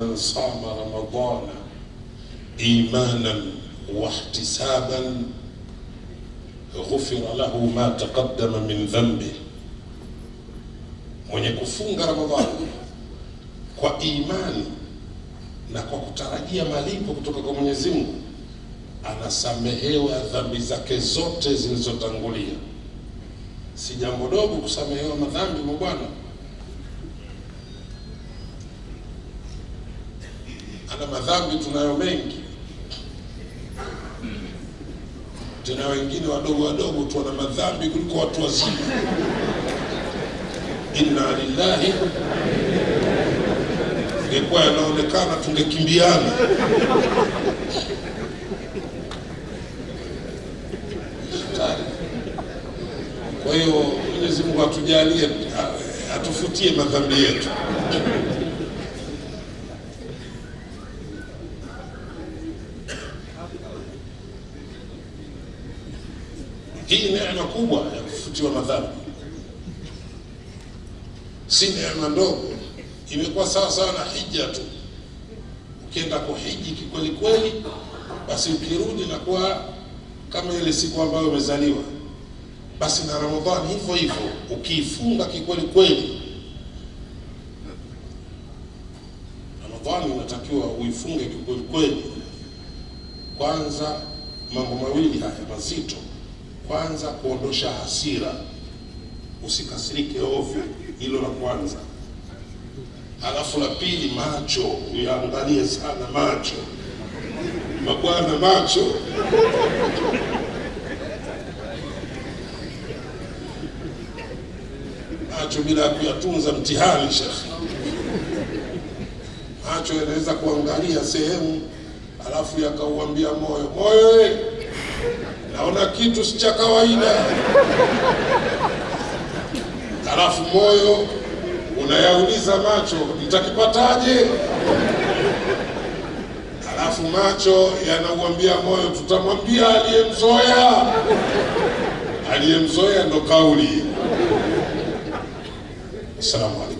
man sama ramadana imanan wahtisaban ghufira lahu ma taqaddama min dhanbi, mwenye kufunga Ramadhani kwa imani na kwa kutarajia malipo kutoka kwa Mwenyezi Mungu anasamehewa dhambi zake zote zilizotangulia. Si jambo dogo kusamehewa madhambi mwa bwana. ana madhambi tunayo mengi, tena wengine wadogo wadogo tu wana madhambi kuliko watu wazima. Inna lillahi ingekuwa yanaonekana tungekimbiana. Kwa hiyo Mwenyezi Mungu atujalie, atufutie madhambi yetu. Hii neema kubwa ya kufutiwa madhambi, si neema ndogo. Imekuwa sawa sawa na hija tu. Ukienda kuhiji kikweli kweli, basi ukirudi nakuwa kama ile siku ambayo umezaliwa. Basi na Ramadhani hivyo hivyo, ukiifunga kikweli kweli, Ramadhani unatakiwa uifunge kikweli kweli. Kwanza mambo mawili haya mazito kwanza, kuondosha hasira, usikasirike ovyo. Hilo la kwanza. Alafu la pili, macho, uyaangalie sana macho, mabwana, macho macho bila kuyatunza mtihani. Shekhi, macho yanaweza kuangalia sehemu alafu yakauambia moyo, moyo naona kitu si cha kawaida, halafu moyo unayauliza macho, mtakipataje? Halafu macho yanauambia moyo, tutamwambia aliyemzoea. Aliyemzoea ndo kauli. Asalamu alaykum.